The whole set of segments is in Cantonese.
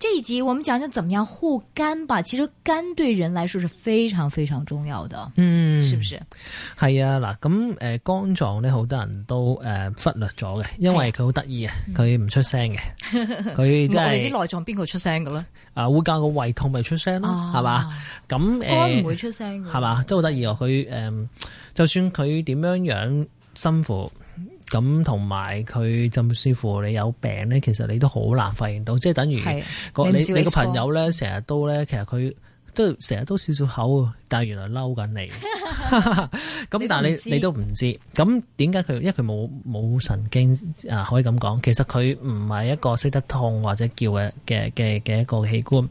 這一集我們講下怎麼樣護肝吧。其實肝對人來說是非常非常重要的，嗯，是不是？係啊，嗱，咁、呃、誒，肝臟咧好多人都誒、呃、忽略咗嘅，因為佢好得意啊，佢唔出聲嘅，佢即係我哋啲內臟邊個出聲嘅咧？啊、呃，會教個胃痛咪出聲咯，係、啊、嘛？咁、呃、肝唔會出聲嘅，係嘛？真好得意哦，佢誒、呃，就算佢點樣樣辛苦。咁同埋佢甚至乎你有病咧，其實你都好難發現到，即係等於你你個朋友咧，成日都咧，其實佢。都成日都少少口，但係原來嬲緊 你。咁但係你你都唔知，咁點解佢？因為佢冇冇神經啊，可以咁講，其實佢唔係一個識得痛或者叫嘅嘅嘅嘅一個器官。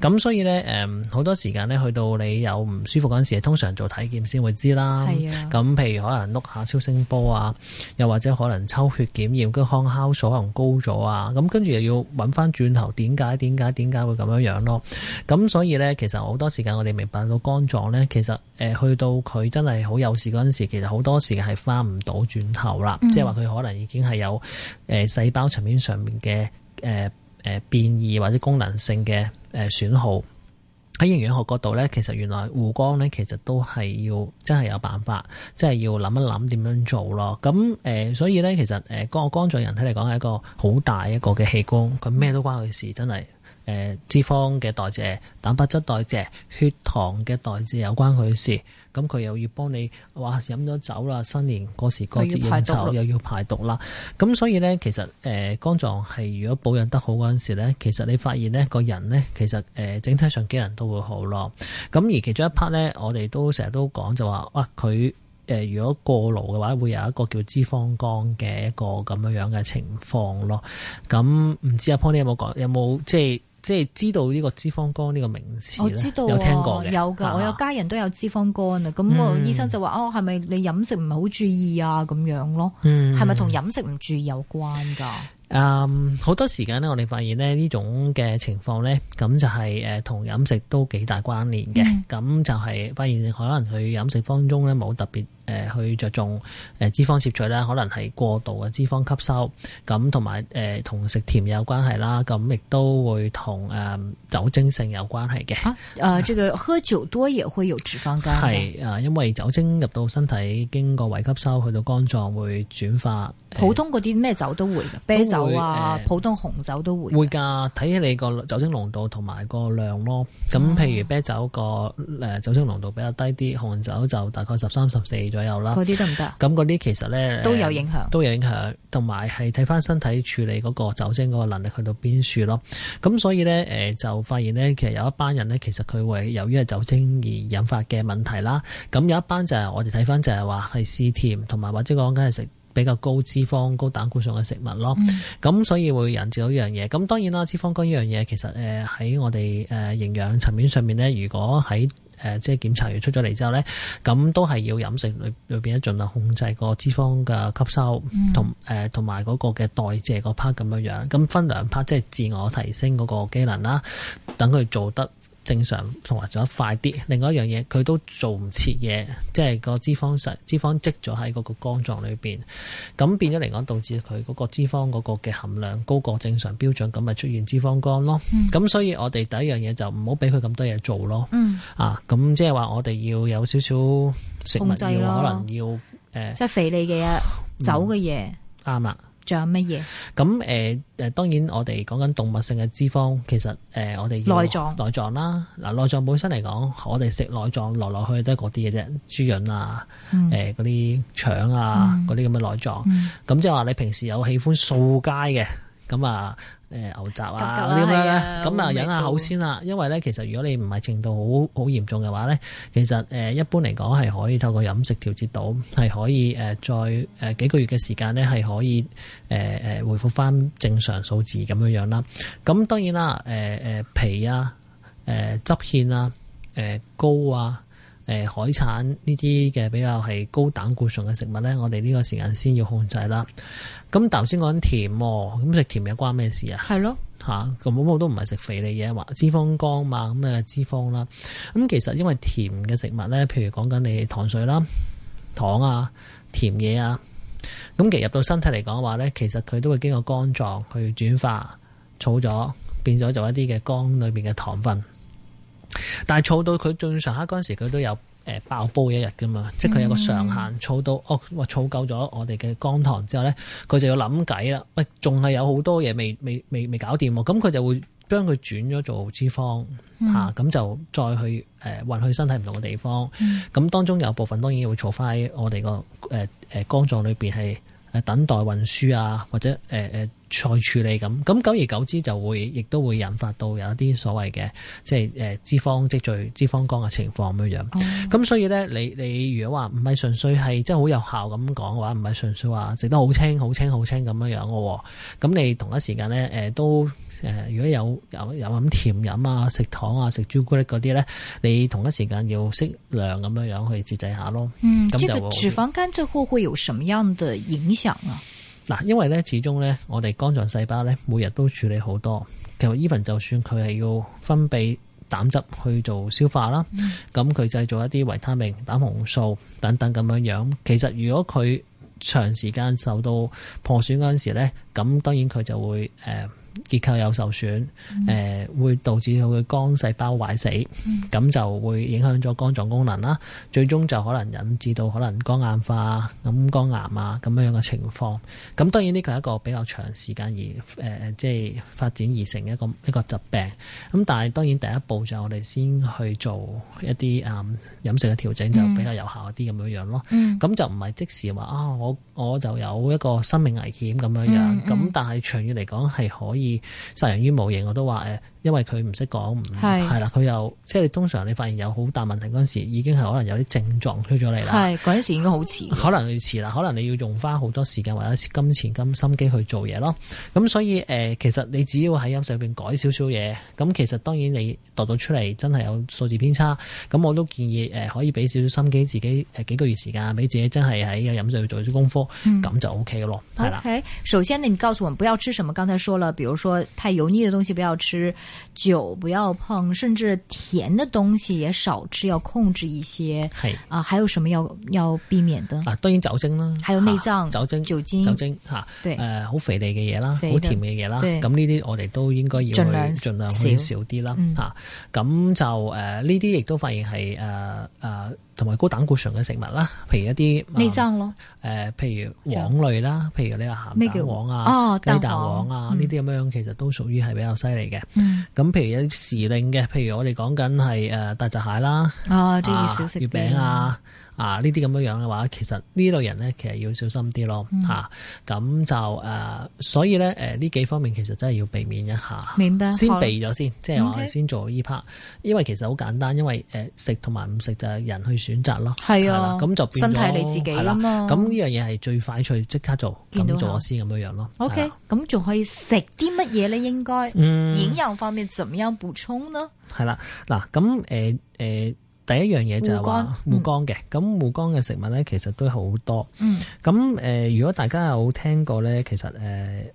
咁所以咧，誒、嗯、好多時間咧，去到你有唔舒服嗰陣時通常做體檢先會知啦。係啊。咁譬如可能碌下超聲波啊，又或者可能抽血檢驗個抗酵素可能高咗啊。咁跟住又要揾翻轉頭點解點解點解會咁樣樣咯。咁所以咧，其實。好多時間我哋明白到肝臟咧，其實誒、呃、去到佢真係好有事嗰陣時，其實好多時間係翻唔到轉頭啦，即係話佢可能已經係有誒細、呃、胞層面上面嘅誒誒變異或者功能性嘅誒損耗。喺營養學角度咧，其實原來護肝咧，其實都係要真係有辦法，即係要諗一諗點樣做咯。咁誒、呃，所以咧，其實誒，個、呃、肝臟人體嚟講係一個好大一個嘅器官，佢咩都關佢事，真係。誒，脂肪嘅代謝、蛋白質代謝、血糖嘅代謝有關佢事，咁佢又要幫你，哇！飲咗酒啦，新年嗰時各節應酬要又要排毒啦，咁所以咧，其實誒、呃，肝臟係如果保養得好嗰陣時咧，其實你發現咧個人咧，其實誒、呃，整體上機能都會好咯。咁而其中一 part 咧，我哋都成日都講就話，哇！佢誒、呃，如果過勞嘅話，會有一個叫脂肪肝嘅一個咁樣樣嘅情況咯。咁唔知阿 Pony 有冇講，有冇即係？即係知道呢個脂肪肝呢個名詞，我知道、啊、有聽過，有噶，我有家人都有脂肪肝啊。咁、嗯、個醫生就話：哦，係咪你飲食唔係好注意啊？咁樣咯，係咪同飲食唔注意有關噶？Um, 嗯，好多時間呢，我哋發現呢呢種嘅情況呢，咁就係誒同飲食都幾大關聯嘅。咁就係發現可能佢飲食當中呢冇特別誒去着重脂肪攝取啦，可能係過度嘅脂肪吸收。咁同埋誒同食甜有關係啦。咁亦都會同誒酒精性有關係嘅。啊，誒、啊，這個喝酒多也會有脂肪肝。係因為酒精入到身體，經過胃吸收去到肝臟會轉化。普通嗰啲咩酒都會嘅，啤酒啊、呃，普通紅酒都會會噶。睇起你個酒精濃度同埋個量咯。咁譬如啤酒個誒酒精濃度比較低啲，嗯，紅酒就大概十三十四左右啦。嗰啲得唔得？咁嗰啲其實咧都有影響，都有影響。同埋係睇翻身體處理嗰個酒精嗰個能力去到邊處咯。咁所以咧誒就發現咧，其實有一班人咧，其實佢會由於係酒精而引發嘅問題啦。咁有一班就係、是、我哋睇翻就係話係試甜，同埋或者講緊係食。比較高脂肪、高膽固醇嘅食物咯，咁、嗯、所以會引致到一樣嘢。咁當然啦，脂肪肝呢樣嘢其實誒喺我哋誒營養層面上面咧，如果喺誒即係檢查完出咗嚟之後咧，咁都係要飲食裏裏邊咧盡量控制個脂肪嘅吸收同誒同埋嗰個嘅代謝個 part 咁樣樣。咁、嗯、分兩 part，即係自我提升嗰個機能啦，等佢做得正常同埋做得快啲，另外一樣嘢佢都做唔切嘢，即係個,個脂肪實脂肪積咗喺嗰個肝臟裏邊。咁變咗嚟講導致佢嗰個脂肪嗰個嘅含量高過正常標準，咁咪出現脂肪肝咯。咁、嗯、所以我哋第一樣嘢就唔好俾佢咁多嘢做咯。嗯、啊，咁即係話我哋要有少少食物可能要、呃、即係肥膩嘅嘢、酒嘅嘢，啱、嗯、啦。仲有乜嘢？咁誒、誒，當然我哋講緊動物性嘅脂肪，其實誒我哋內臟、內臟啦，嗱內臟本身嚟講，我哋食內臟來來去去都係嗰啲嘅啫，豬潤啊，嗰、嗯、啲、呃、腸啊，嗰啲咁嘅內臟，咁即係話你平時有喜歡掃街嘅。嗯呃咁、嗯、啊，誒牛雜啊嗰啲啦，咁啊，啊、嗯、忍下口先啦，因為咧其實如果你唔係程度好好嚴重嘅話咧，其實誒一般嚟講係可以透過飲食調節到，係可以誒再誒幾個月嘅時間咧係可以誒誒回復翻正常數字咁樣樣啦。咁、嗯、當然啦，誒、呃、誒皮啊，誒、呃、汁芡啊，誒、呃、膏啊。誒海產呢啲嘅比較係高膽固醇嘅食物咧，我哋呢個時間先要控制啦。咁頭先講甜、哦，咁食甜嘢關咩事啊？係咯，咁、啊、我都唔係食肥膩嘢，話脂肪肝嘛，咁啊脂肪啦。咁其實因為甜嘅食物咧，譬如講緊你糖水啦、糖啊、甜嘢啊，咁其實入到身體嚟講話咧，其實佢都會經過肝臟去轉化儲咗，變咗做一啲嘅肝裏邊嘅糖分。但係儲到佢最常黑嗰陣時，佢都有、呃、爆煲一日㗎嘛，即係佢有個上限。儲到哦，哇儲夠咗我哋嘅肝糖之後咧，佢就要諗計啦。喂、哎，仲係有好多嘢未未未未搞掂喎，咁佢就會將佢轉咗做脂肪嚇，咁、嗯啊、就再去誒、呃、運去身體唔同嘅地方。咁、嗯、當中有部分當然會儲翻喺我哋個誒誒肝臟裏邊係等待運輸啊，或者誒、呃呃再處理咁，咁久而久之，就會亦都會引發到有一啲所謂嘅即係脂肪積聚、脂肪肝嘅情況咁樣樣。咁、oh. 所以咧，你你如果話唔係純粹係即係好有效咁講嘅話，唔係純粹話食得好清、好清、好清咁樣樣嘅喎。咁你同一時間咧都如果有如果有有飲甜飲啊、食糖啊、食朱古力嗰啲咧，你同一時間要適量咁樣樣去節制下咯、嗯。嗯，這個脂肪肝最後會有什麼樣嘅影響啊？嗱，因為咧，始終咧，我哋肝臟細胞咧，每日都處理好多。其實，even 就算佢係要分泌膽汁去做消化啦，咁、嗯、佢製造一啲維他命、膽紅素等等咁樣樣。其實，如果佢長時間受到破損嗰陣時咧，咁當然佢就會、呃結構有受損，誒、呃、會導致到佢肝細胞壞死，咁就會影響咗肝臟功能啦，最終就可能引致到可能肝硬化、咁、嗯、肝癌啊咁樣樣嘅情況。咁當然呢個係一個比較長時間而誒、呃、即係發展而成嘅一個一個疾病。咁但係當然第一步就係我哋先去做一啲誒飲食嘅調整就比較有效一啲咁、嗯、樣樣咯。咁就唔係即時話啊我我就有一個生命危險咁樣樣。咁但係長遠嚟講係可以。殺人於無形，我都話誒。因為佢唔識講，唔係、嗯、係啦，佢又即係通常你發現有好大問題嗰時，已經係可能有啲症狀出咗嚟啦。係嗰陣時應該好遲，可能要遲啦，可能你要用翻好多時間或者金錢、金心機去做嘢咯。咁所以誒、呃，其實你只要喺飲食入邊改少少嘢，咁其實當然你度到出嚟真係有數字偏差，咁我都建議誒可以俾少少心機自己，幾個月時間俾自己真係喺個飲食去做啲功夫，咁、嗯、就 O K 咯。係、okay, 啦首先呢，你告訴我們不要吃什麼，剛才說了，比如說太油膩嘅東西不要吃。酒不要碰，甚至甜的東西也少吃，要控制一些。是啊，還有什麼要要避免的？啊，當然酒精啦，還有內臟、啊、酒精、酒精、酒精，吓、啊呃，對，誒，好肥膩嘅嘢啦，好甜嘅嘢啦，咁呢啲我哋都應該要去盡量少少啲啦，吓，咁就誒，呢啲亦都發現係誒誒。呃呃同埋高膽固醇嘅食物啦，譬如一啲咩醬咯，譬、呃、如、類如黃類啦，譬如你話鹹咩叫黃啊、哦、雞蛋黃啊呢啲咁樣，其實、嗯、都屬於係比較犀利嘅。咁、嗯、譬如有時令嘅，譬如我哋講緊係誒大閘蟹啦、嗯，啊啲要小食，月餅啊。啊！呢啲咁樣嘅話，其實呢類人咧，其實要小心啲咯嚇。咁、嗯啊、就誒、啊，所以咧呢、呃、幾方面其實真係要避免一下，免得先避咗先，即係我哋先做呢 part。Okay. 因為其實好簡單，因為誒、呃、食同埋唔食就係人去選擇咯，係啊。咁就變咗你自己啦。咁呢樣嘢係最快脆即刻做，做先咁樣樣咯。O K，咁仲可以食啲乜嘢咧？應該營養、嗯、方面，怎麼樣補充呢？係、嗯、啦，嗱咁誒第一樣嘢就係話護肝嘅，咁、嗯、護肝嘅食物咧，其實都好多。咁、嗯、如果大家有聽過咧，其實誒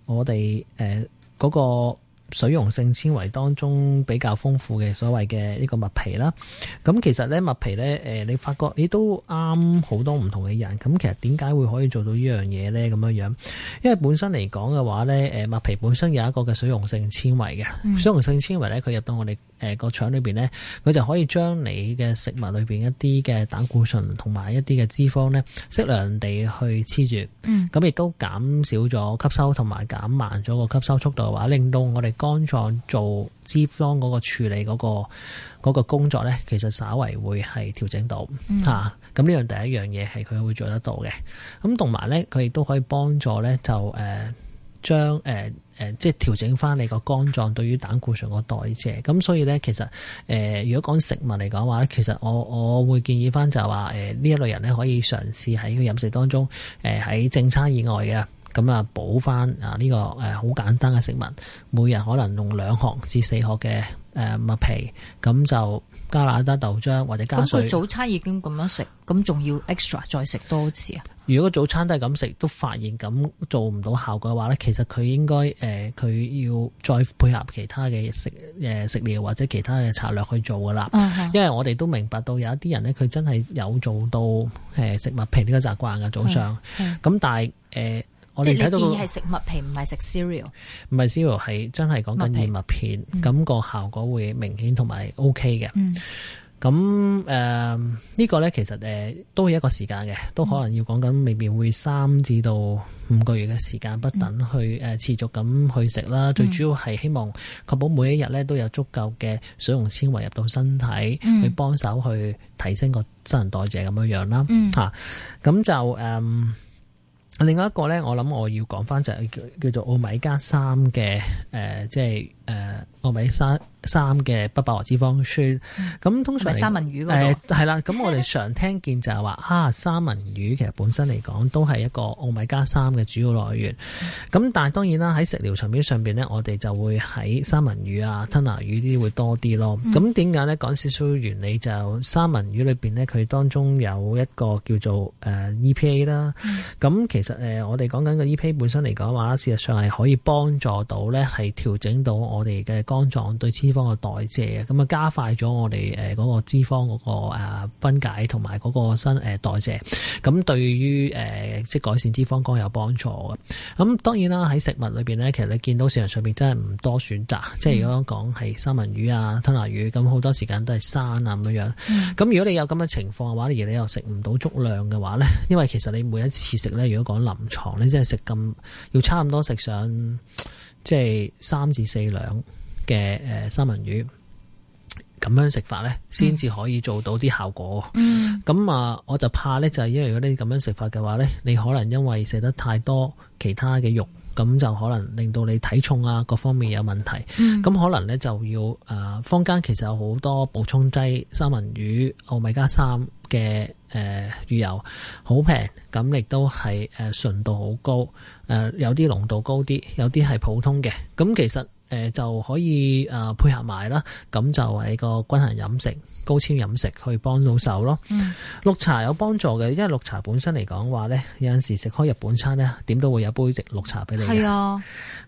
我哋誒嗰個水溶性纖維當中比較豐富嘅，所謂嘅呢個麥皮啦。咁其實咧麥皮咧誒你發覺你都啱好多唔同嘅人。咁其實點解會可以做到呢樣嘢咧？咁樣樣，因為本身嚟講嘅話咧，誒麥皮本身有一個嘅水溶性纖維嘅，水溶性纖維咧佢入到我哋，誒個腸裏面咧，佢就可以將你嘅食物裏面一啲嘅膽固醇同埋一啲嘅脂肪咧，適量地去黐住，咁、嗯、亦都減少咗吸收同埋減慢咗個吸收速度嘅話，令到我哋肝臟做脂肪嗰個處理嗰、嗰個嗰、嗰個、工作咧，其實稍微會係調整到嚇。咁、嗯、呢、啊、樣第一樣嘢係佢會做得到嘅。咁同埋咧，佢亦都可以幫助咧，就、呃、誒。將誒誒即係調整翻你個肝臟對於膽固醇個代謝，咁所以咧，其實誒、呃、如果講食物嚟講話咧，其實我我會建議翻就係話誒呢一類人咧，可以嘗試喺個飲食當中誒喺、呃、正餐以外嘅咁啊補翻啊呢個誒好簡單嘅食物，每日可能用兩殼至四殼嘅。誒、呃、麥皮咁就加拿一打豆漿或者加水。咁佢早餐已經咁樣食，咁仲要 extra 再食多次啊？如果早餐都係咁食，都發現咁做唔到效果嘅話咧，其實佢應該誒佢、呃、要再配合其他嘅食、呃、食料或者其他嘅策略去做噶啦、嗯。因為我哋都明白到有一啲人咧，佢真係有做到、呃、食麥皮呢個習慣嘅早上。咁但係、呃我哋睇到係食麥皮，唔係食 cereal，唔係 cereal，係真係講緊燕麥片，咁個、嗯、效果會明顯同埋 O K 嘅。咁誒、OK 嗯呃這個、呢個咧，其實誒、呃、都係一個時間嘅，都可能要講緊，未必會三至到五個月嘅時間不等、嗯、去誒、呃、持續咁去食啦。嗯、最主要係希望確保每一日咧都有足夠嘅水溶纖維入到身體、嗯、去幫手去提升個新陳代謝咁樣樣啦。吓、嗯、咁、啊、就誒。呃另外一個呢，我諗我要講翻就係叫，叫做奧米加三嘅，誒、呃，即係誒，奧、呃、米三。三嘅不飽和脂肪酸，咁通常係三文魚嗰度。係、呃、啦，咁我哋常聽見就係話啊，三文魚其實本身嚟講都係一個奧米加三嘅主要來源。咁、嗯、但係當然啦，喺食療層面上面咧，我哋就會喺三文魚啊、吞拿魚啲會多啲咯。咁點解咧？講少少原理就是、三文魚裏面咧，佢當中有一個叫做誒、呃、EPA 啦、嗯。咁其實誒、呃、我哋講緊個 EPA 本身嚟講話，事實上係可以幫助到咧，係調整到我哋嘅肝臟對方嘅代謝，咁啊加快咗我哋誒嗰個脂肪嗰個誒分解同埋嗰個新誒代謝，咁對於誒、呃、即係改善脂肪肝有幫助嘅。咁當然啦，喺食物裏邊咧，其實你見到市場上邊真係唔多選擇，嗯，即係如果講係三文魚啊、吞拿魚，咁好多時間都係生啊咁樣樣。咁、嗯、如果你有咁嘅情況嘅話，而你又食唔到足量嘅話咧，因為其實你每一次食咧，如果講臨牀咧，即係食咁要差唔多食上即係三至四兩。嘅誒三文魚咁樣食法呢，先至可以做到啲效果。咁、嗯、啊，我就怕呢，就係因為如果你咁樣食法嘅話呢，你可能因為食得太多其他嘅肉，咁就可能令到你體重啊各方面有問題。咁、嗯、可能呢，就要誒，坊間其實有好多補充劑，三文魚奧米加三嘅誒魚油，好平，咁亦都係誒純度好高，誒有啲濃度高啲，有啲係普通嘅。咁其實。誒、呃、就可以誒、呃、配合埋啦，咁就係個均衡飲食、高纖飲食去幫到手咯、嗯。綠茶有幫助嘅，因為綠茶本身嚟講話呢，有陣時食開日本餐呢，點都會有杯綠茶俾你。係啊，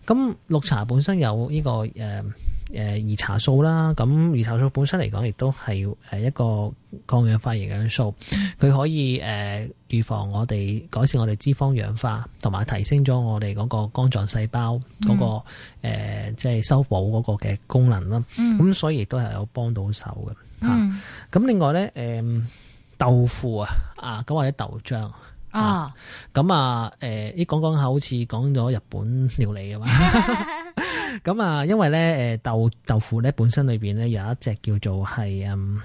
咁綠茶本身有呢、這個誒。呃嗯嗯誒，兒茶素啦，咁兒茶素本身嚟講，亦都係誒一個抗氧化營養素，佢可以誒預防我哋改善我哋脂肪氧化，同埋提升咗我哋嗰個肝臟細胞嗰、那個誒、嗯呃，即係修補嗰個嘅功能啦。咁、嗯、所以亦都係有幫到手嘅。咁、嗯啊、另外咧，誒豆腐啊，豆啊，啊咁或者豆漿啊，咁、呃、啊，誒，你講講下，好似講咗日本料理㗎嘛。哈哈啊 咁啊，因為咧，誒，豆豆腐咧本身裏邊咧有一隻叫做係，嗯,嗯,嗯，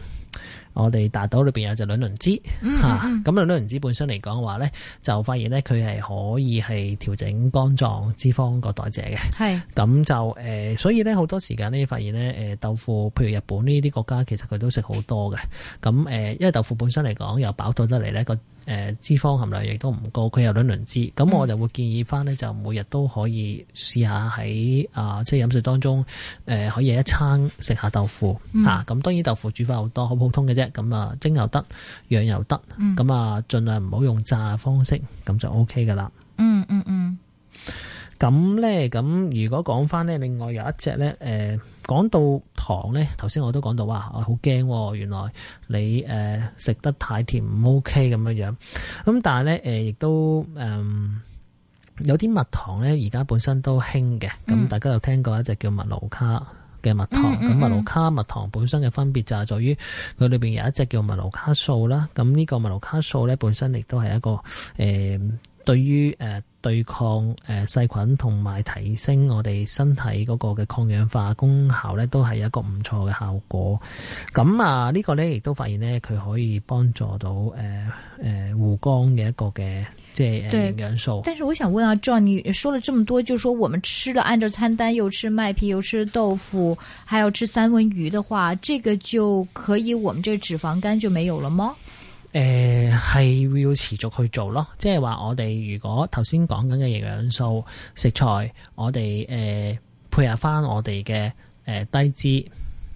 我哋大豆裏邊有一隻卵磷脂吓，咁卵磷脂本身嚟講嘅話咧，就發現咧佢係可以係調整肝臟脂肪個代謝嘅，係，咁就誒，所以咧好多時間咧發現咧，誒，豆腐，譬如日本呢啲國家，其實佢都食好多嘅，咁誒，因為豆腐本身嚟講又飽肚得嚟咧個。誒，脂肪含量亦都唔高，佢有卵磷脂，咁我就會建議翻呢，就每日都可以試下喺啊，即係飲食當中誒、呃，可以一餐食下豆腐吓。咁、嗯啊、當然豆腐煮法好多，好普通嘅啫。咁啊，蒸又得，釀又得，咁、嗯、啊，盡量唔好用炸嘅方式，咁就 O K 噶啦。嗯嗯嗯。咁、嗯、呢咁如果講翻呢，另外有一隻呢。誒、呃。講到糖呢，頭先我都講到哇，我好驚喎。原來你食、呃、得太甜唔 OK 咁樣樣。咁但係呢，亦、呃、都、呃、有啲蜜糖呢，而家本身都興嘅。咁、嗯、大家有聽過一隻叫麥盧卡嘅蜜糖？咁麥盧卡蜜糖本身嘅分別就係在於佢裏面有一隻叫麥盧卡素啦。咁、這、呢個麥盧卡素呢，本身亦都係一個、呃、對於、呃對抗誒細菌同埋提升我哋身體嗰個嘅抗氧化功效呢，都係一個唔錯嘅效果。咁啊，呢、呢個呢亦都發現呢，佢可以幫助到誒誒護肝嘅一個嘅即係營養素。但是我想問啊 John，你說了這麼多，就說、是、說我們吃了按照餐單又吃麥皮又吃豆腐，還要吃三文魚的話，這個就可以，我們這個脂肪肝就沒有了嗎？誒、呃，係要持續去做咯，即係話我哋如果頭先講緊嘅營養素食材，我哋誒、呃、配合翻我哋嘅誒低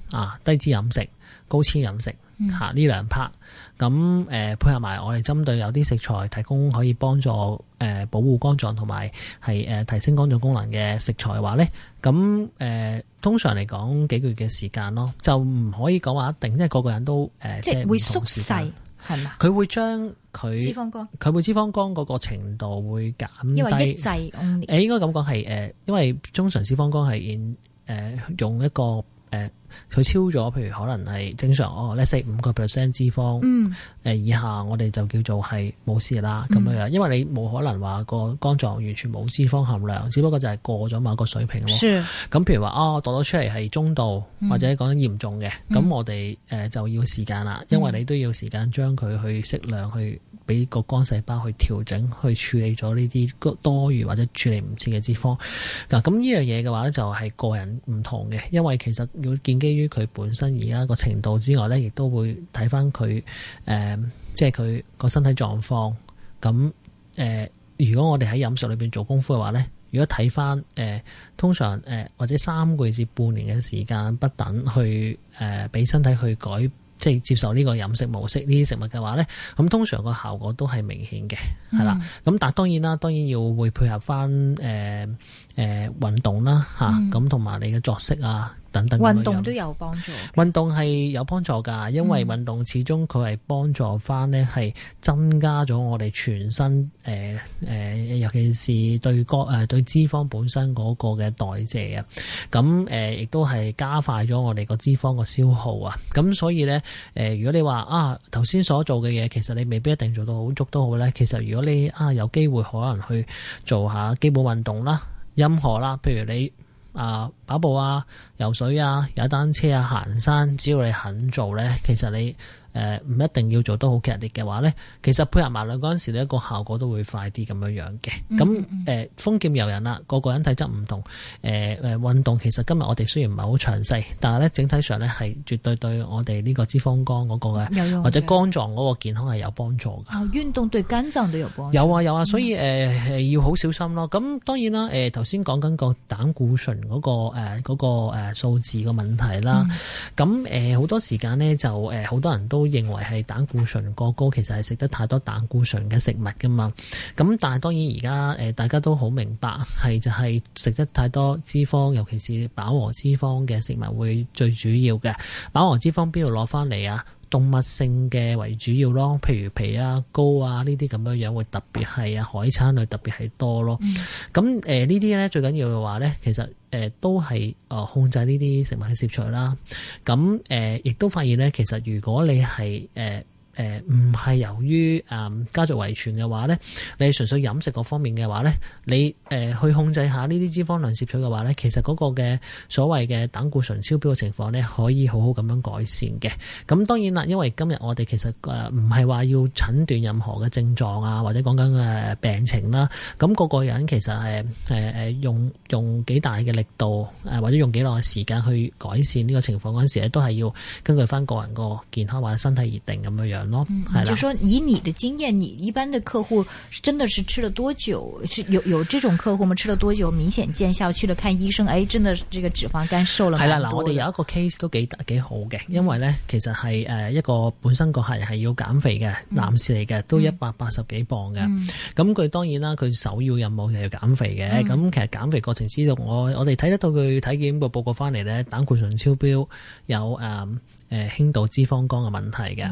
脂啊，低脂飲食、高纖飲食吓呢、嗯啊、兩 part，咁誒配合埋我哋針對有啲食材提供可以幫助誒、呃、保護肝臟同埋係誒提升肝臟功能嘅食材話咧，咁誒、呃、通常嚟講幾個月嘅時間咯，就唔可以講話一定，即係個個人都誒、呃、即係會縮細。係嘛？係佢會將佢脂肪肝，佢會脂肪肝嗰個程度會減低，抑制五年。誒，應該咁講係誒，因為中層脂肪肝係誒用一個誒。佢超咗，譬如可能係正常哦，咧四五個 percent 脂肪，誒、嗯、以下，我哋就叫做係冇事啦咁樣樣。因為你冇可能話個肝臟完全冇脂肪含量，只不過就係過咗某個水平咯。咁譬如話哦，度咗出嚟係中度、嗯、或者講嚴重嘅，咁、嗯、我哋誒就要時間啦、嗯，因為你都要時間將佢去適量去。俾個肝細胞去調整，去處理咗呢啲多餘或者處理唔切嘅脂肪。嗱，咁呢樣嘢嘅話呢，就係個人唔同嘅，因為其實要建基於佢本身而家個程度之外呢，亦都會睇翻佢誒，即係佢個身體狀況。咁誒、呃，如果我哋喺飲食裏邊做功夫嘅話呢，如果睇翻誒，通常誒、呃、或者三個月至半年嘅時間不等，去誒俾、呃、身體去改。即係接受呢個飲食模式，呢啲食物嘅話咧，咁通常個效果都係明顯嘅，係、嗯、啦。咁但當當然啦，當然要會配合翻誒誒運動啦，嚇咁同埋你嘅作息啊。等等運動都有幫助。運動係有幫助㗎，因為運動始終佢係幫助翻咧，係增加咗我哋全身、呃呃、尤其是對脂肪本身嗰個嘅代謝啊。咁誒亦都係加快咗我哋個脂肪個消耗啊。咁所以咧、呃、如果你話啊頭先所做嘅嘢，其實你未必一定做到好足都好咧。其實如果你啊有機會可能去做下基本運動啦，任何啦，譬如你。啊！跑步啊、游水啊、踩單車啊、行山，只要你肯做咧，其實你～誒、呃、唔一定要做都好劇烈嘅話咧，其實配合埋兩嗰陣時，你一個效果都會快啲咁樣樣嘅。咁、嗯、誒、嗯呃，風劍遊人啦，個個人體質唔同，誒、呃、誒運動其實今日我哋雖然唔係好詳細，但係咧整體上咧係絕對對我哋呢個脂肪肝嗰、那個嘅，或者肝臟嗰個健康係有幫助嘅、哦。運動對肝臟都有幫助，有啊有啊，所以誒、呃嗯、要好小心咯。咁當然啦，誒頭先講緊個膽固醇嗰、那個誒嗰、呃那個數字嘅問題啦。咁誒好多時間咧就好、呃、多人都。都認為係膽固醇過高，其實係食得太多膽固醇嘅食物噶嘛。咁但係當然而家誒，大家都好明白係就係食得太多脂肪，尤其是飽和脂肪嘅食物會最主要嘅。飽和脂肪邊度攞翻嚟啊？動物性嘅為主要咯，譬如皮啊、膏啊呢啲咁樣樣，會特別係啊海產類特別係多咯。咁呢啲咧最緊要嘅話咧，其實、呃、都係控制呢啲食物嘅攝取啦。咁、呃、亦都發現咧，其實如果你係誒唔係由於誒、嗯、家族遺傳嘅話咧，你純粹飲食嗰方面嘅話咧，你誒、呃、去控制下呢啲脂肪量攝取嘅話咧，其實嗰個嘅所謂嘅膽固醇超標嘅情況咧，可以好好咁樣改善嘅。咁當然啦，因為今日我哋其實誒唔係話要診斷任何嘅症狀啊，或者講緊誒病情啦、啊。咁、個個人其實係誒、呃、用用幾大嘅力度，誒或者用幾耐嘅時間去改善呢個情況嗰陣時咧，都係要根據翻個人個健康或者身體而定咁樣樣。嗯，就是說以你的經驗，你一般的客戶真的是吃了多久？有有這種客戶嗎？吃了多久明顯見效？去了看醫生，哎，真的這個脂肪肝瘦了。係、嗯、啦，嗱、嗯，我哋有一個 case 都幾幾好嘅，因為呢其實係誒一個本身個客人係要減肥嘅男士嚟嘅，都一百八十幾磅嘅。咁、嗯、佢、嗯嗯、當然啦，佢首要任務係要減肥嘅。咁其實減肥過程之中，我我哋睇得到佢體檢個報告翻嚟呢，膽固醇超標有，有誒誒輕度脂肪肝嘅問題嘅。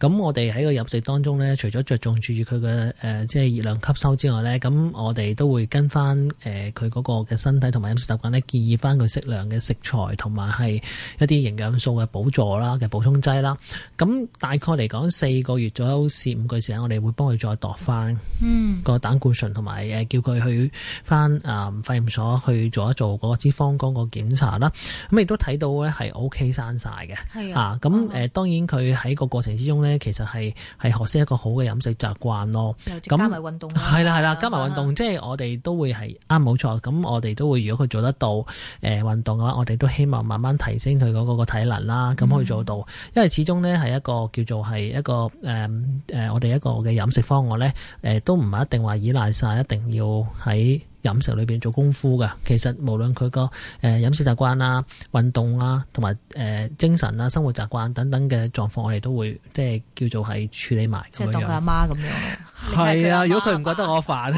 咁、嗯咁我哋喺個飲食當中咧，除咗着重注意佢嘅，誒，即係熱量吸收之外咧，咁我哋都會跟翻誒佢嗰個嘅身體同埋飲食習慣咧，建議翻佢適量嘅食材同埋係一啲營養素嘅補助啦嘅、啊、補充劑啦。咁、啊、大概嚟講四個月左右四五個月時間，我哋會幫佢再度翻，嗯，個膽固醇同埋誒叫佢去翻誒化驗所去做一做個脂肪肝個檢查啦。咁亦都睇到咧係 O K 生晒嘅，係啊。咁、嗯、誒、OK 啊啊呃啊，當然佢喺個過程之中咧。其實係係學識一個好嘅飲食習慣咯，咁係啦係啦，加埋運動，即係我哋都會係啱冇錯。咁我哋都會如果佢做得到，誒、呃、運動嘅話，我哋都希望慢慢提升佢嗰個個體能啦。咁可以做到，嗯、因為始終呢係一個叫做係一個誒誒、呃呃，我哋一個嘅飲食方案呢，誒、呃、都唔係一定話依賴晒，一定要喺。飲食裏邊做功夫㗎，其實無論佢個誒飲食習慣啦、運動啊，同埋誒精神啊、生活習慣等等嘅狀況，我哋都會即係叫做係處理埋。即係當佢阿媽咁樣。 係啊，如果佢唔覺得我煩，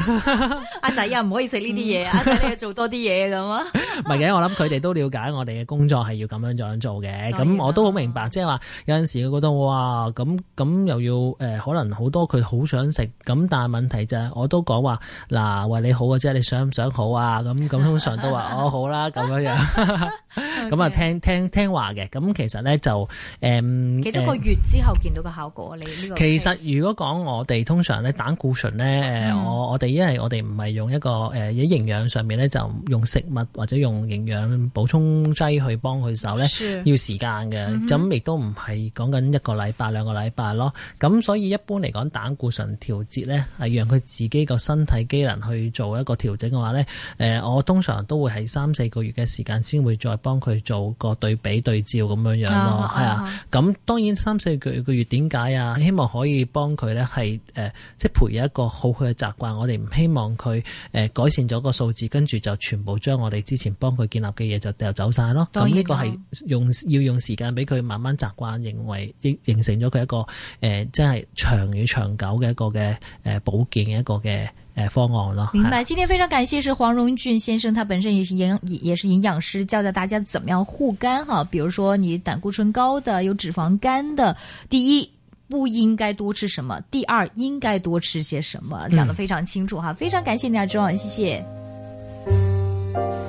阿仔又唔可以食呢啲嘢，阿仔你做多啲嘢咁啊？唔係嘅，我諗佢哋都了解我哋嘅工作係要咁樣樣做嘅。咁我都好明白，即係話有陣時佢覺得哇，咁咁又要誒、呃，可能好多佢好想食，咁但係問題就係，我都講話嗱，喂，你好即、啊、啫，你想唔想好啊？咁咁通常都話 哦好啦，咁樣樣，咁 啊、okay. 聽聽聽話嘅。咁其實咧就誒，幾、嗯、多個月之後見到個效果你呢個？其實如果講我哋通常咧。膽固醇咧，誒，我我哋因為我哋唔係用一個誒喺、呃、營養上面咧，就用食物或者用營養補充劑去幫佢手咧，要時間嘅，咁亦都唔係講緊一個禮拜兩個禮拜咯。咁所以一般嚟講，膽固醇調節咧，係讓佢自己個身體機能去做一個調整嘅話咧，誒、呃，我通常都會喺三四個月嘅時間先會再幫佢做個對比對照咁樣樣咯，係啊。咁、啊、當然三四個月點解啊？希望可以幫佢咧係誒，即係。培養一個好佢嘅習慣，我哋唔希望佢、誒，改善咗個數字，跟住就全部將我哋之前幫佢建立嘅嘢就丟掉走晒咯。咁呢、這個係用要用時間俾佢慢慢習慣，認為形形成咗佢一個誒，即、呃、係長與長久嘅一個嘅誒保健嘅一個嘅誒方案咯。明白。今天非常感謝是黃榮俊先生，他本身也是營也是營養師，教教大家怎麼樣護肝哈。比如說你膽固醇高的，有脂肪肝的，第一。不應該多吃什麼？第二，應該多吃些什麼？講得非常清楚哈，嗯、非常感謝你啊，莊，謝謝。